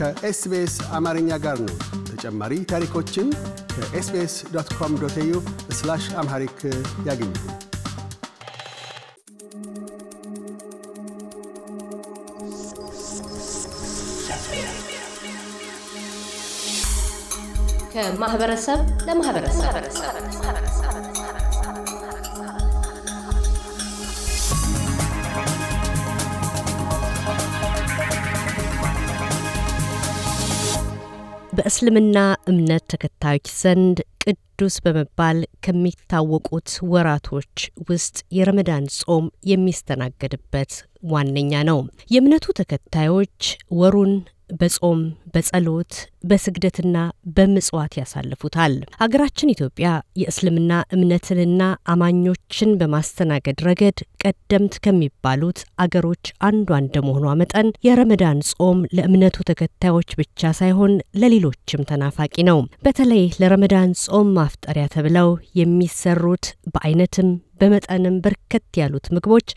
ከኤስቢኤስ አማርኛ ጋር ነው። ተጨማሪ ታሪኮችን ከኤስቢኤስ ዶት ኮም ዶት ኤዩ አምሃሪክ ያገኙ። ከማኅበረሰብ ለማኅበረሰብ በእስልምና እምነት ተከታዮች ዘንድ ቅዱስ በመባል ከሚታወቁት ወራቶች ውስጥ የረመዳን ጾም የሚስተናገድበት ዋነኛ ነው። የእምነቱ ተከታዮች ወሩን በጾም፣ በጸሎት በስግደትና በምጽዋት ያሳልፉታል። አገራችን ኢትዮጵያ የእስልምና እምነትንና አማኞችን በማስተናገድ ረገድ ቀደምት ከሚባሉት አገሮች አንዷ እንደመሆኗ መጠን የረመዳን ጾም ለእምነቱ ተከታዮች ብቻ ሳይሆን ለሌሎችም ተናፋቂ ነው። በተለይ ለረመዳን ጾም ማፍጠሪያ ተብለው የሚሰሩት በአይነትም በመጠንም በርከት ያሉት ምግቦች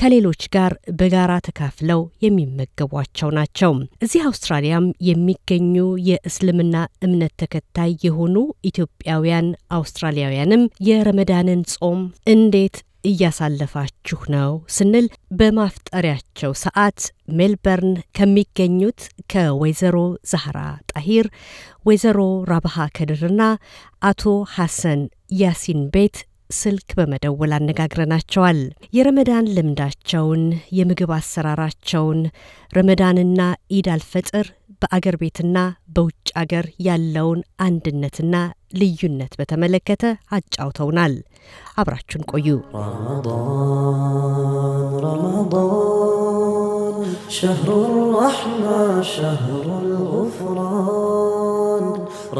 ከሌሎች ጋር በጋራ ተካፍለው የሚመገቧቸው ናቸው። እዚህ አውስትራሊያም የሚገኙ የእስልምና እምነት ተከታይ የሆኑ ኢትዮጵያውያን አውስትራሊያውያንም የረመዳንን ጾም እንዴት እያሳለፋችሁ ነው ስንል በማፍጠሪያቸው ሰዓት ሜልበርን ከሚገኙት ከወይዘሮ ዛህራ ጣሂር፣ ወይዘሮ ራብሃ ከድርና አቶ ሐሰን ያሲን ቤት ስልክ በመደወል አነጋግረናቸዋል። የረመዳን ልምዳቸውን፣ የምግብ አሰራራቸውን፣ ረመዳንና ኢድ አልፈጥር በአገር ቤትና በውጭ አገር ያለውን አንድነትና ልዩነት በተመለከተ አጫውተውናል። አብራችሁን ቆዩ።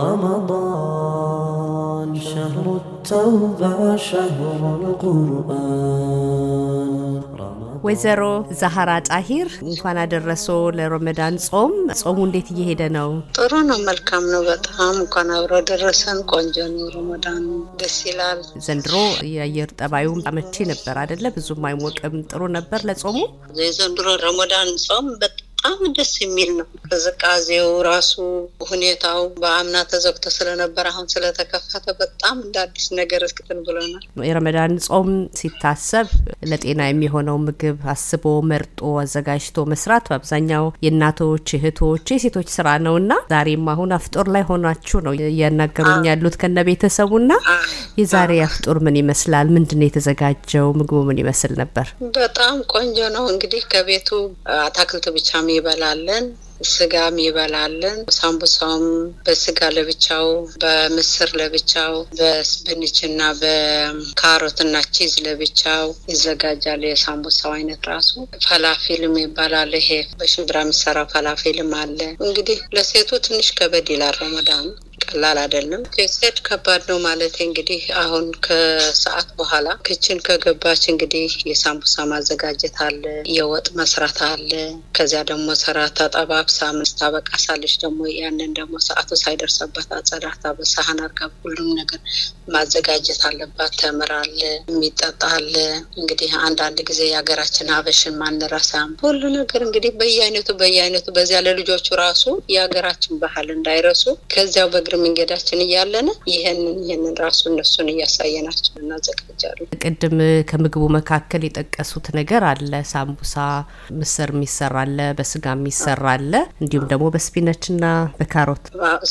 رمضان شهر ተውባ ሻህሩ ልቁርአን ወይዘሮ ዛህራ ጣሂር እንኳን አደረሶ ለረመዳን ጾም። ጾሙ እንዴት እየሄደ ነው? ጥሩ ነው፣ መልካም ነው በጣም እንኳን አብሮ ደረሰን። ቆንጆ ነው ረመዳን፣ ደስ ይላል። ዘንድሮ የአየር ጠባዩም አመቺ ነበር አደለ? ብዙም አይሞቅም፣ ጥሩ ነበር ለጾሙ። የዘንድሮ ረመዳን ጾም በጣም ደስ የሚል ነው። ቅዝቃዜው ራሱ ሁኔታው በአምና ተዘግቶ ስለነበረ አሁን ስለተከፈተ በጣም እንደ አዲስ ነገር እስክትን ብሎናል። የረመዳን ጾም ሲታሰብ ለጤና የሚሆነው ምግብ አስቦ መርጦ አዘጋጅቶ መስራት በአብዛኛው የእናቶች እህቶች፣ የሴቶች ስራ ነው እና ዛሬም አሁን አፍጦር ላይ ሆናችሁ ነው እያናገሩኝ ያሉት ከነ ቤተሰቡ ና የዛሬ አፍጦር ምን ይመስላል? ምንድን ነው የተዘጋጀው? ምግቡ ምን ይመስል ነበር? በጣም ቆንጆ ነው። እንግዲህ ከቤቱ አታክልት ብቻ ይበላለን ስጋም ይበላለን። ሳምቡሳውም በስጋ ለብቻው፣ በምስር ለብቻው፣ በስብንች እና በካሮት እና ቺዝ ለብቻው ይዘጋጃል። የሳምቡሳው አይነት ራሱ ፈላፊልም ይባላል። ይሄ በሽምብራ የሚሰራ ፈላፊልም አለ። እንግዲህ ለሴቱ ትንሽ ከበድ ይላል ረመዳኑ። ቀላል አይደለም። ሴት ከባድ ነው ማለት እንግዲህ አሁን ከሰዓት በኋላ ክችን ከገባች እንግዲህ የሳምቡሳ ማዘጋጀት አለ፣ የወጥ መስራት አለ። ከዚያ ደግሞ ሰራታ ጠባብሳ ምስታበቃ ሳለች ደግሞ ያንን ደግሞ ሰዓቱ ሳይደርሰበት አጸዳታ በሳህን አርጋ ሁሉም ነገር ማዘጋጀት አለባት። ተምር አለ፣ የሚጠጣ አለ። እንግዲህ አንዳንድ ጊዜ የሀገራችን ሀበሽን ማንረሳም ሁሉ ነገር እንግዲህ በየአይነቱ በየአይነቱ በዚያ ለልጆቹ ራሱ የሀገራችን ባህል እንዳይረሱ ከዚያው በእግር መንገዳችን እያለን ይህንን ይህንን ራሱ እነሱን እያሳየናቸው እናዘጋጃለን። ቅድም ከምግቡ መካከል የጠቀሱት ነገር አለ። ሳምቡሳ ምስር የሚሰራለ በስጋ የሚሰራለ እንዲሁም ደግሞ በስፒነችና በካሮት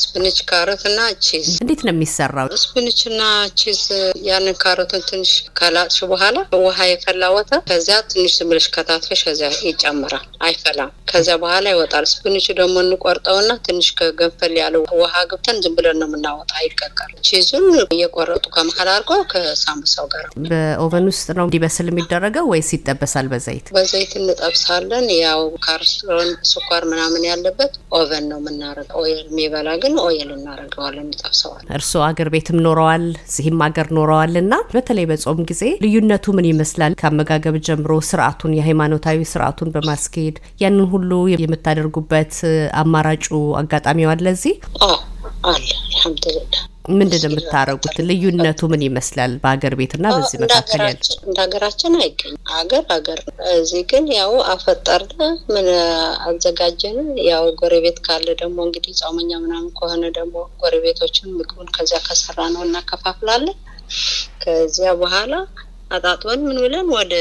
ስፒነች፣ ካሮት ቺዝ። እንዴት ነው የሚሰራው? ስፒነችና ቺዝ ያንን ካሮትን ትንሽ ከላጥሽ በኋላ ውሃ የፈላ ወተ ከዚያ ትንሽ ብለሽ ከታትፈሽ ከዚያ ይጨምራል። አይፈላም። ከዚያ በኋላ ይወጣል። ስፒነቹ ደግሞ እንቆርጠውና ትንሽ ከገንፈል ያለው ውሃ ገብተን ዝም ብለን ነው የምናወጣ። አይቀቀልም። ቺዙን እየቆረጡ ከመሀል አድርገው ከሳምሳው ጋር በኦቨን ውስጥ ነው እንዲበስል የሚደረገው ወይስ ይጠበሳል በዘይት? በዘይት እንጠብሳለን። ያው ካርስሮን ስኳር ምናምን ያለበት ኦቨን ነው የምናረገው። ኦይል የሚበላ ግን ኦይል እናደርገዋለን እንጠብሰዋለን። እርስዎ አገር ቤትም ኖረዋል፣ እዚህም አገር ኖረዋል እና በተለይ በጾም ጊዜ ልዩነቱ ምን ይመስላል? ከአመጋገብ ጀምሮ ስርዓቱን የሃይማኖታዊ ስርዓቱን በማስኬድ ያንን ሁሉ የምታደርጉበት አማራጩ አጋጣሚዋለዚህ አለ። አልሐምዱሊላህ። ምንድን ነው የምታደርጉት? ልዩነቱ ምን ይመስላል? በሀገር ቤትና በዚህ መካከል ያለ እንደ ሀገራችን አይገኝም። ሀገር ሀገር እዚህ ግን ያው አፈጠርነ ምን አዘጋጀን። ያው ጎረቤት ካለ ደግሞ እንግዲህ ጾመኛ ምናምን ከሆነ ደግሞ ጎረቤቶችን ምግቡን ከዚያ ከሰራ ነው እናከፋፍላለን። ከዚያ በኋላ አጣጥበን ምን ብለን ወደ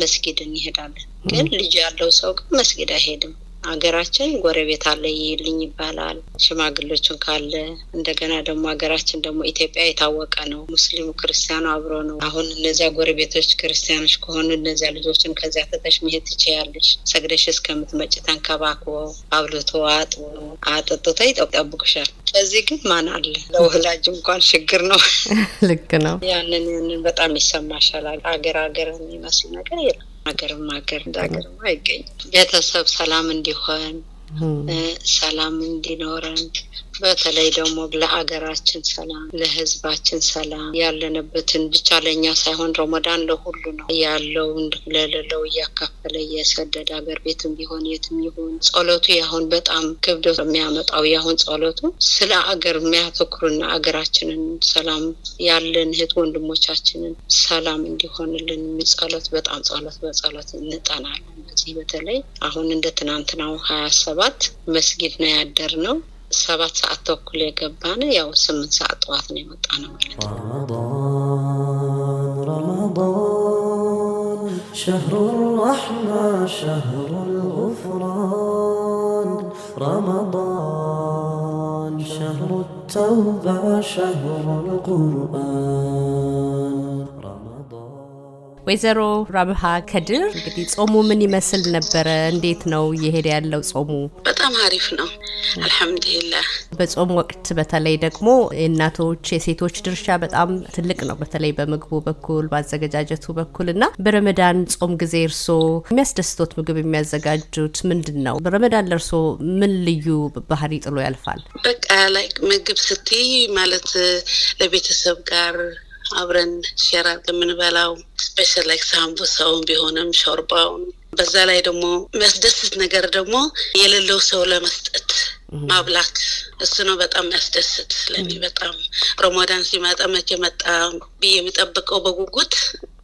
መስጊድ እንሄዳለን። ግን ልጅ ያለው ሰው ግን መስጊድ አይሄድም። አገራችን ጎረቤት አለ ይልኝ ይባላል። ሽማግሌዎችን ካለ እንደገና ደግሞ ሀገራችን ደግሞ ኢትዮጵያ የታወቀ ነው። ሙስሊሙ ክርስቲያኑ አብሮ ነው። አሁን እነዚያ ጎረቤቶች ክርስቲያኖች ከሆኑ እነዚያ ልጆችን ከዚያ ተተሽ መሄድ ትችያለሽ። ሰግደሽ እስከምትመጭ ተንከባክቦ አብልቶ አጥ አጠጥቶ ይጠብቅሻል። በዚህ ግን ማን አለ ለወላጅ እንኳን ችግር ነው። ልክ ነው። ያንን ያንን በጣም ይሰማሻል። አገር አገር የሚመስል ነገር የለ ሀገርም ሀገር እንደ ሀገርም አይገኝም። ቤተሰብ ሰላም እንዲሆን ሰላም እንዲኖረን በተለይ ደግሞ ለአገራችን ሰላም፣ ለህዝባችን ሰላም ያለንበትን ብቻ ለእኛ ሳይሆን ረመዳን ለሁሉ ነው ያለው ለሌለው እያካፈለ እየሰደድ ሀገር ቤትም ቢሆን የትም ይሁን ጸሎቱ ያሁን በጣም ክብደት የሚያመጣው ያሁን ጸሎቱ ስለ አገር የሚያተኩርና አገራችንን ሰላም ያለን እህት ወንድሞቻችንን ሰላም እንዲሆንልን የሚጸሎት በጣም ጸሎት በጸሎት እንጠናለን። በዚህ በተለይ አሁን እንደ ትናንትናው ሀያ ሰባት መስጊድ ነው ያደር ነው ሰባት ሰዓት ተኩል የገባን ያው ስምንት ሰዓት ጠዋት ነው የወጣ ነው ወይዘሮ ራብሃ ከድር እንግዲህ ጾሙ ምን ይመስል ነበረ? እንዴት ነው እየሄደ ያለው ጾሙ? በጣም አሪፍ ነው። አልሐምዱሊላህ። በጾም ወቅት በተለይ ደግሞ የእናቶች የሴቶች ድርሻ በጣም ትልቅ ነው። በተለይ በምግቡ በኩል በአዘገጃጀቱ በኩል እና በረመዳን ጾም ጊዜ እርሶ የሚያስደስቶት ምግብ የሚያዘጋጁት ምንድን ነው? በረመዳን ለእርሶ ምን ልዩ ባህሪ ጥሎ ያልፋል? በቃ ላይ ምግብ ስትይ ማለት ለቤተሰብ ጋር አብረን ሸራ የምንበላው ስፔሻል ላይክ ሳምቡሳውን ቢሆንም ሾርባውን በዛ ላይ ደግሞ የሚያስደስት ነገር ደግሞ የሌለው ሰው ለመስጠት ማብላት እሱ ነው በጣም የሚያስደስት ለኔ በጣም ሮሞዳን ሲመጣ መቼ መጣ ብዬ የሚጠብቀው በጉጉት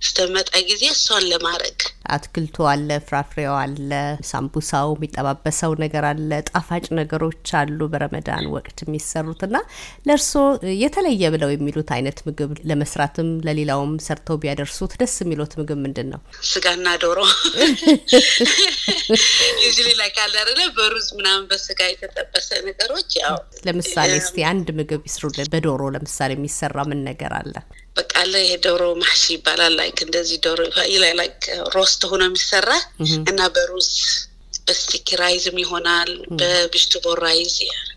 ስተመጣ ጊዜ እሷን ለማድረግ አትክልቱ አለ፣ ፍራፍሬው አለ፣ ሳምቡሳው የሚጠባበሰው ነገር አለ፣ ጣፋጭ ነገሮች አሉ በረመዳን ወቅት እና ለእርስዎ የተለየ ብለው የሚሉት አይነት ምግብ ለመስራትም ለሌላውም ሰርተው ቢያደርሱት ደስ የሚሉት ምግብ ምንድን ነው? ስጋና ዶሮ ዩዝሊ ላይ ካላረለ በሩዝ ምናምን በስጋ የተጠበሰ ነገሮች ያው ለምሳሌ እስቲ አንድ ምግብ ይስሩልን። በዶሮ ለምሳሌ የሚሰራ ምን ነገር አለ? በቃ አለ ይሄ ዶሮ ይባላል። ላይክ እንደዚህ ዶሮ ላይ ላይክ ሮስት ሆኖ የሚሰራ እና በሩዝ በስቲክ ራይዝም ይሆናል በቢሽቱቦ ራይዝ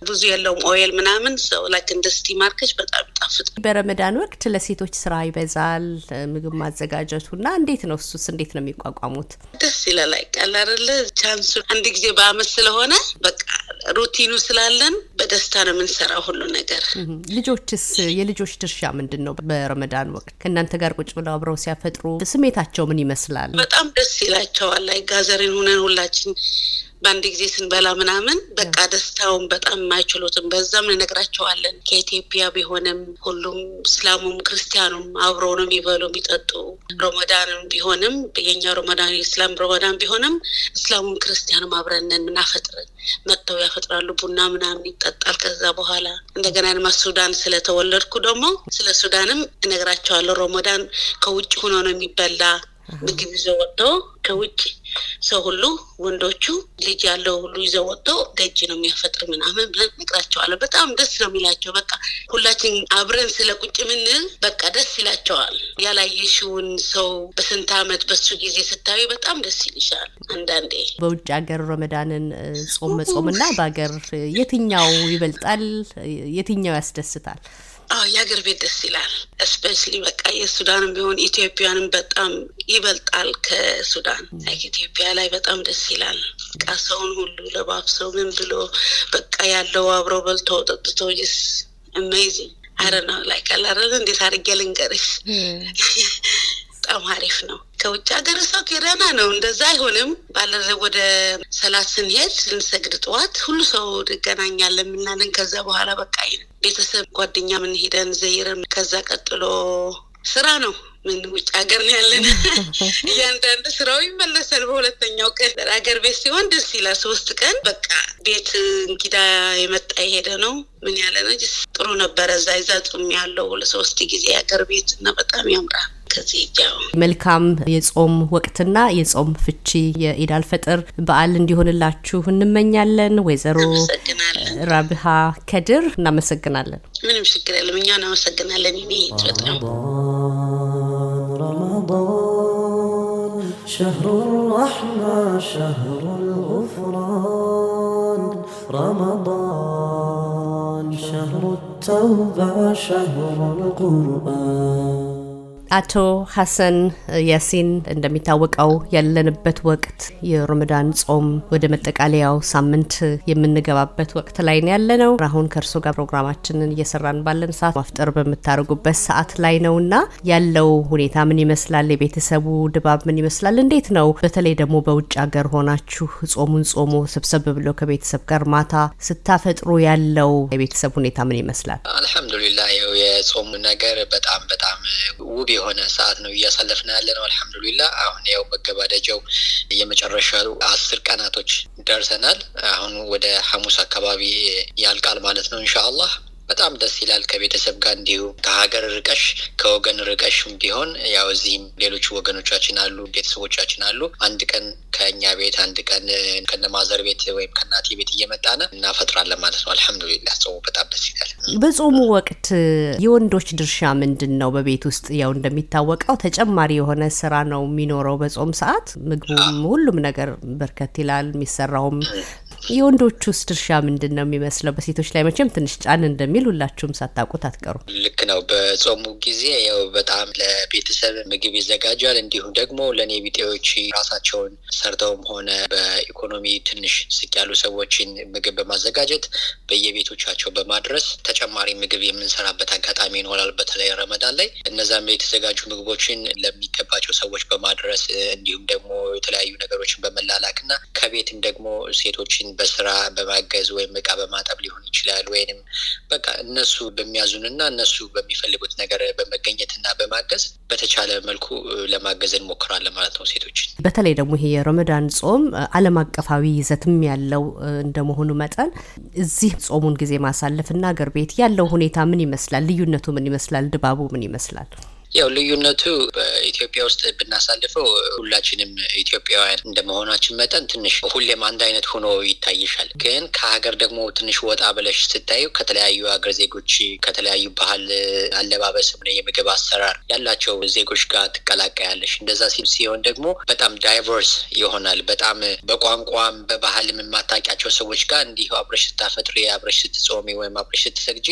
ብዙ የለውም ኦይል ምናምን ሰው ላይክ እንደ ስቲ ማርከች በጣም ጣፍጥ በረመዳን ወቅት ለሴቶች ስራ ይበዛል ምግብ ማዘጋጀቱ እና እንዴት ነው እሱስ እንዴት ነው የሚቋቋሙት? ደስ ይለ ላይክ ቻንሱ አንድ ጊዜ በአመት ስለሆነ በቃ ሩቲኑ ስላለን በደስታ ነው የምንሰራው ሁሉ ነገር። ልጆችስ የልጆች ድርሻ ምንድን ነው? በረመዳን ወቅት ከእናንተ ጋር ቁጭ ብለው አብረው ሲያፈጥሩ ስሜታቸው ምን ይመስላል? በጣም ደስ ይላቸዋል። ላይ ጋዘሪን ሁነን ሁላችን በአንድ ጊዜ ስንበላ ምናምን በቃ ደስታውን በጣም የማይችሉትም በዛም እንነግራቸዋለን። ከኢትዮጵያ ቢሆንም ሁሉም እስላሙም ክርስቲያኑም አብሮ ነው የሚበሉ የሚጠጡ። ሮመዳንም ቢሆንም የኛው ሮመዳን የእስላም ሮመዳን ቢሆንም እስላሙም ክርስቲያኑም አብረንን እናፈጥርን። መጥተው ያፈጥራሉ። ቡና ምናምን ይጠጣል። ከዛ በኋላ እንደገና ድማ ሱዳን ስለተወለድኩ ደግሞ ስለ ሱዳንም እነግራቸዋለሁ። ሮሞዳን ከውጭ ሆኖ ነው የሚበላ ምግብ ይዘው ወጥተው ከውጭ ሰው ሁሉ ወንዶቹ ልጅ ያለው ሁሉ ይዘው ወጥቶ ደጅ ነው የሚያፈጥር ምናምን ብለን ነግራቸዋለን። በጣም ደስ ነው የሚላቸው። በቃ ሁላችን አብረን ስለ ቁጭ ምንል በቃ ደስ ይላቸዋል። ያላየሽውን ሰው በስንት አመት በሱ ጊዜ ስታዩ በጣም ደስ ይልሻል። አንዳንዴ በውጭ ሀገር ረመዳንን ጾም መጾምና በሀገር የትኛው ይበልጣል? የትኛው ያስደስታል? አዎ የአገር ቤት ደስ ይላል። እስፔሻሊ በቃ የሱዳንም ቢሆን ኢትዮጵያንም በጣም ይበልጣል ከሱዳን ኢትዮጵያ ላይ በጣም ደስ ይላል። በቃ ሰውን ሁሉ ለባብሰው ምን ብሎ በቃ ያለው አብሮ በልቶ ጠጥቶ ይስ አሜዚንግ አረ ነው ላይ ካላረ እንዴት አድርጌ ልንገርሽ hmm. በጣም አሪፍ ነው። ከውጭ ሀገር ሰው ኪረና ነው። እንደዛ አይሆንም። ባለ ወደ ሰላት ስንሄድ ስንሰግድ ጠዋት ሁሉ ሰው እንገናኛለን ምናምን። ከዛ በኋላ በቃ ቤተሰብ ጓደኛ ምን ሄደን ዘይርን። ከዛ ቀጥሎ ስራ ነው። ምን ውጭ ሀገር ነው ያለን። እያንዳንዱ ስራው ይመለሳል። በሁለተኛው ቀን ሀገር ቤት ሲሆን ደስ ይላል። ሶስት ቀን በቃ ቤት እንግዳ የመጣ የሄደ ነው ምን ያለ ነው። ጥሩ ነበረ። እዛ ይዛ ጹም ያለው ለሶስት ጊዜ ሀገር ቤት እና በጣም ያምራል። ከዚህ ይጃው መልካም የጾም ወቅትና የጾም ፍቺ የኢድ አልፈጥር በዓል እንዲሆንላችሁ እንመኛለን። ወይዘሮ ራብሃ ከድር እናመሰግናለን። ምንም ችግር የለም። እኛ እናመሰግናለን። ይኔ በጣም شهر الرحمة شهر الغفران رمضان شهر التوبة شهر القرآن አቶ ሀሰን ያሲን እንደሚታወቀው ያለንበት ወቅት የረመዳን ጾም ወደ መጠቃለያው ሳምንት የምንገባበት ወቅት ላይ ነው ነው። አሁን ከእርሶ ጋር ፕሮግራማችንን እየሰራን ባለን ሰዓት ማፍጠር በምታደርጉበት ሰዓት ላይ ነው እና ያለው ሁኔታ ምን ይመስላል? የቤተሰቡ ድባብ ምን ይመስላል? እንዴት ነው? በተለይ ደግሞ በውጭ ሀገር ሆናችሁ ጾሙን ጾሞ ሰብሰብ ብለው ከቤተሰብ ጋር ማታ ስታፈጥሩ ያለው የቤተሰብ ሁኔታ ምን ይመስላል? አልሐምዱሊላ ያው የጾሙ ነገር በጣም በጣም ውብ የሆነ ሰዓት ነው እያሳለፍን ያለ ነው። አልሐምዱሊላ አሁን ያው መገባደጃው የመጨረሻው አስር ቀናቶች ደርሰናል። አሁን ወደ ሐሙስ አካባቢ ያልቃል ማለት ነው እንሻ አላህ። በጣም ደስ ይላል። ከቤተሰብ ጋር እንዲሁ ከሀገር ርቀሽ ከወገን ርቀሽ ቢሆን ያው እዚህም ሌሎች ወገኖቻችን አሉ፣ ቤተሰቦቻችን አሉ። አንድ ቀን ከእኛ ቤት አንድ ቀን ከነማዘር ቤት ወይም ከእናቴ ቤት እየመጣነ እናፈጥራለን ማለት ነው። አልሐምዱሊላ ጾሙ በጣም ደስ ይላል። በጾሙ ወቅት የወንዶች ድርሻ ምንድን ነው? በቤት ውስጥ ያው እንደሚታወቀው ተጨማሪ የሆነ ስራ ነው የሚኖረው በጾም ሰዓት ምግቡም ሁሉም ነገር በርከት ይላል። የሚሰራውም ውስጥ ድርሻ ምንድን ነው የሚመስለው? በሴቶች ላይ መቼም ትንሽ ጫን እንደሚል ሁላችሁም ሳታውቁት አትቀሩም። ልክ ነው። በጾሙ ጊዜ ያው በጣም ለቤተሰብ ምግብ ይዘጋጃል። እንዲሁም ደግሞ ለእኔ ቢጤዎች ራሳቸውን ሰርተውም ሆነ በኢኮኖሚ ትንሽ ስቅ ያሉ ሰዎችን ምግብ በማዘጋጀት በየቤቶቻቸው በማድረስ ተጨማሪ ምግብ የምንሰራበት አጋጣሚ ይኖራል። በተለይ ረመዳን ላይ እነዛም የተዘጋጁ ምግቦችን ለሚገባቸው ሰዎች በማድረስ እንዲሁም ደግሞ የተለያዩ ነገሮችን በመላላክ እና ከቤትም ደግሞ ሴቶችን በስራ በማገዝ ወይም እቃ በማጠብ ሊሆን ይችላል። ወይንም በቃ እነሱ በሚያዙን እና እነሱ በሚፈልጉት ነገር በመገኘት እና በማገዝ በተቻለ መልኩ ለማገዝ እንሞክራለን ማለት ነው ሴቶችን። በተለይ ደግሞ ይሄ የረመዳን ጾም አለም አቀፋዊ ይዘትም ያለው እንደመሆኑ መጠን እዚህ ጾሙን ጊዜ ማሳለፍ እና አገር ቤት ያለው ሁኔታ ምን ይመስላል? ልዩነቱ ምን ይመስላል? ድባቡ ምን ይመስላል? ያው ልዩነቱ በኢትዮጵያ ውስጥ ብናሳልፈው ሁላችንም ኢትዮጵያውያን እንደመሆናችን መጠን ትንሽ ሁሌም አንድ አይነት ሆኖ ይታይሻል። ግን ከሀገር ደግሞ ትንሽ ወጣ ብለሽ ስታዩ ከተለያዩ ሀገር ዜጎች ከተለያዩ ባህል፣ አለባበስ፣ የምግብ አሰራር ያላቸው ዜጎች ጋር ትቀላቀያለሽ። እንደዛ ሲሆን ደግሞ በጣም ዳይቨርስ ይሆናል። በጣም በቋንቋም በባህልም የማታውቂያቸው ሰዎች ጋር እንዲሁ አብረሽ ስታፈጥሪ፣ አብረሽ ስትጾሚ ወይም አብረሽ ስትሰግጂ፣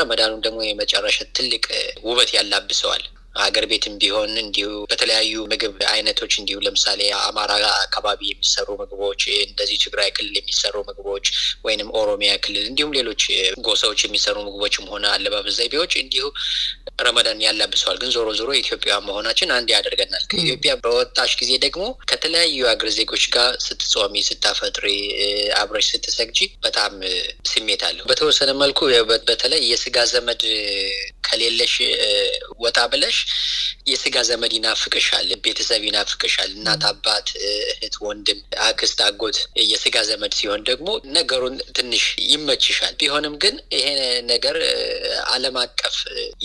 ረመዳኑ ደግሞ የመጨረሻ ትልቅ ውበት ያላብሰዋል። ሀገር ቤትም ቢሆን እንዲሁ በተለያዩ ምግብ አይነቶች እንዲሁ ለምሳሌ አማራ አካባቢ የሚሰሩ ምግቦች፣ እንደዚህ ትግራይ ክልል የሚሰሩ ምግቦች ወይንም ኦሮሚያ ክልል እንዲሁም ሌሎች ጎሳዎች የሚሰሩ ምግቦችም ሆነ አለባበስ ዘይቤዎች እንዲሁ ረመዳን ያላብሰዋል። ግን ዞሮ ዞሮ ኢትዮጵያ መሆናችን አንድ ያደርገናል። ከኢትዮጵያ በወጣሽ ጊዜ ደግሞ ከተለያዩ ሀገር ዜጎች ጋር ስትጾሚ፣ ስታፈጥሪ፣ አብረሽ ስትሰግጂ በጣም ስሜት አለው። በተወሰነ መልኩ በተለይ የስጋ ዘመድ ከሌለሽ ወጣ ብለሽ የስጋ ዘመድ ይናፍቅሻል፣ ቤተሰብ ይናፍቅሻል፣ እናት፣ አባት፣ እህት፣ ወንድም፣ አክስት፣ አጎት የስጋ ዘመድ ሲሆን ደግሞ ነገሩን ትንሽ ይመችሻል። ቢሆንም ግን ይሄ ነገር ዓለም አቀፍ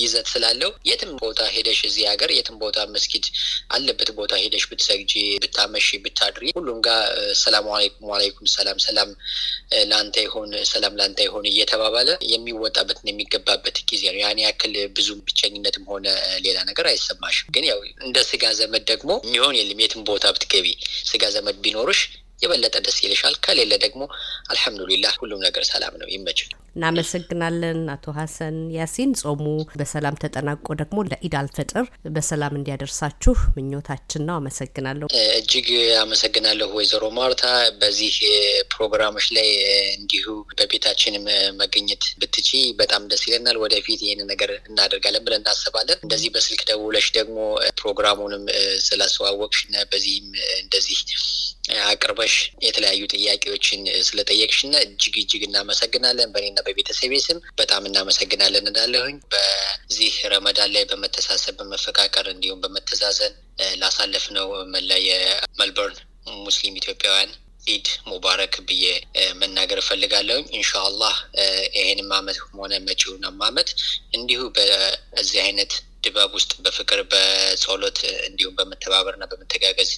ይዘት ስላለው የትም ቦታ ሄደሽ እዚህ ሀገር የትም ቦታ መስጊድ አለበት ቦታ ሄደሽ ብትሰግጂ፣ ብታመሺ፣ ብታድሪ ሁሉም ጋር ሰላም አለይኩም ዋለይኩም ሰላም ሰላም ለአንተ ይሆን ሰላም ለአንተ ይሆን እየተባባለ የሚወጣበትን የሚገባበት ጊዜ ነው። ያን ያክል ብዙም ብቸኝነትም ሆነ ሌላ ነገር አይሰማሽም። ግን ያው እንደ ስጋ ዘመድ ደግሞ የሚሆን የለም። የትም ቦታ ብትገቢ ስጋ ዘመድ ቢኖርሽ የበለጠ ደስ ይልሻል። ከሌለ ደግሞ አልሐምዱሊላህ ሁሉም ነገር ሰላም ነው። ይመችል እናመሰግናለን አቶ ሀሰን ያሲን። ጾሙ በሰላም ተጠናቆ ደግሞ ለኢድ አልፈጥር በሰላም እንዲያደርሳችሁ ምኞታችን ነው። አመሰግናለሁ። እጅግ አመሰግናለሁ ወይዘሮ ማርታ። በዚህ ፕሮግራሞች ላይ እንዲሁ በቤታችንም መገኘት ብትቺ በጣም ደስ ይለናል። ወደፊት ይህን ነገር እናደርጋለን ብለን እናስባለን። እንደዚህ በስልክ ደውለሽ ደግሞ ፕሮግራሙንም ስላስተዋወቅሽ እና በዚህም እንደዚህ አቅርበሽ የተለያዩ ጥያቄዎችን ስለጠየቅሽ እና እጅግ እጅግ እናመሰግናለን በኔ በቤተሰቤ ስም በጣም እናመሰግናለን እንዳለሁኝ በዚህ ረመዳን ላይ በመተሳሰብ በመፈቃቀር እንዲሁም በመተዛዘን ነው መላ የመልበርን ሙስሊም ኢትዮጵያውያን ኢድ ሙባረክ ብዬ መናገር እፈልጋለሁኝ። ኢንሻአላህ ይሄንም አመት ሆነ መጪውንም አመት እንዲሁ በዚህ አይነት ድባብ ውስጥ በፍቅር በጸሎት እንዲሁም ና በመተጋገዝ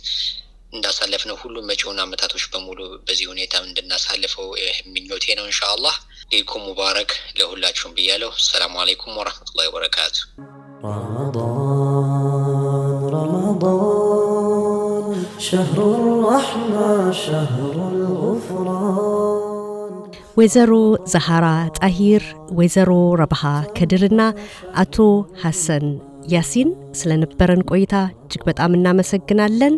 እንዳሳለፍ ነው ሁሉ መጪውን አመታቶች በሙሉ በዚህ ሁኔታ እንድናሳልፈው ምኞቴ ነው። ኢንሻአላህ ኢድኩም ሙባረክ ለሁላችሁም ብያለሁ። ሰላሙ አሌይኩም ወረህመቱላሂ ወበረካቱ። ወይዘሮ ዛሃራ ጣሂር፣ ወይዘሮ ረብሃ ከድርና አቶ ሐሰን ያሲን ስለነበረን ቆይታ እጅግ በጣም እናመሰግናለን።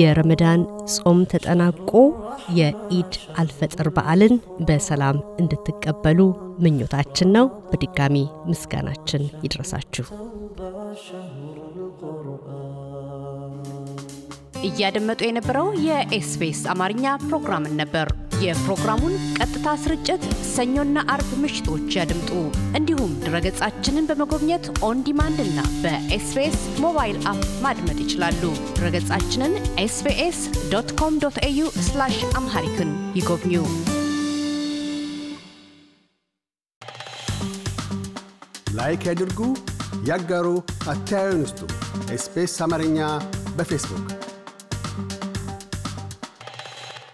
የረመዳን ጾም ተጠናቆ የኢድ አልፈጥር በዓልን በሰላም እንድትቀበሉ ምኞታችን ነው። በድጋሚ ምስጋናችን ይድረሳችሁ። እያደመጡ የነበረው የኤስቢኤስ አማርኛ ፕሮግራምን ነበር። የፕሮግራሙን ቀጥታ ስርጭት ሰኞና አርብ ምሽቶች ያድምጡ። እንዲሁም ድረገጻችንን በመጎብኘት ኦን እና በኤስቤስ ሞባይል አፕ ማድመጥ ይችላሉ። ድረገጻችንን ኤስቤስ ዶት ኮም ዶት ኤዩ አምሃሪክን ይጎብኙ። ላይክ ያድርጉ፣ ያጋሩ፣ አስተያየትዎን ይስጡ። አማርኛ በፌስቡክ